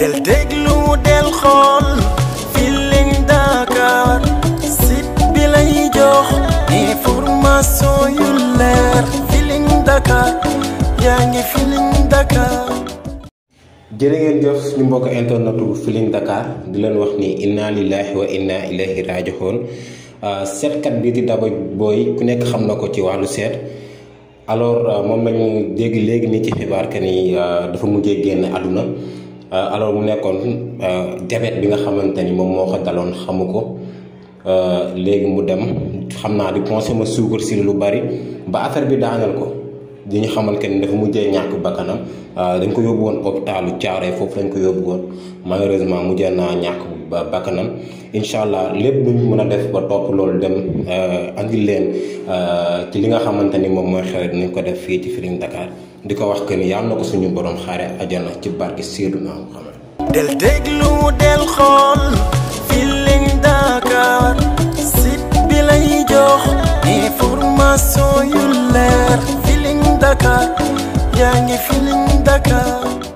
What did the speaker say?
del déglu del xool Feeling Dakar site bi lay jox information yu leer Feeling Dakar yaa ngi Feeling Dakar jërë ngeen jëf suñu mbokk internetu Feeling Dakar di leen wax ni inna lillahi wa inna ilayhi rajihoon ah, seetkat bi di Daba Boye ku nekk xam na ko ci wàllu seet alors ah, moom lañu dégg léegi nii ci xibaar que ni ah, dafa mujjee génn àdduna Euh, alors mu nekkoon euh, diabète bi nga xamante ni moom moo ko daloon xamu ko euh, léegi mu dem xam naa di consommer suukar si lu bari ba affaire bi daanal ko. di ñu xamal que ni dafa mujje ñàkk bakkanam ah, dañ ko yóbbu woon hôpitalu Thiaroye foofu lañ ko yóbbu woon malheureusement mujjee naa ñàkk ba bakkanam incha allah lépp lu ñu mën a def ba topp loolu dem ah, andil leen ah, ci li nga xamante ni moom mooy xewet nañ ko def fii ci Feeling Dakar di ko wax que ni yàlla ko suñu borom xaare ajana ci barke Seydina Muhammad del déglu del xool Feeling Dakar site bi lay jox information yu leer Dakar yaa ngi Feeling Dakar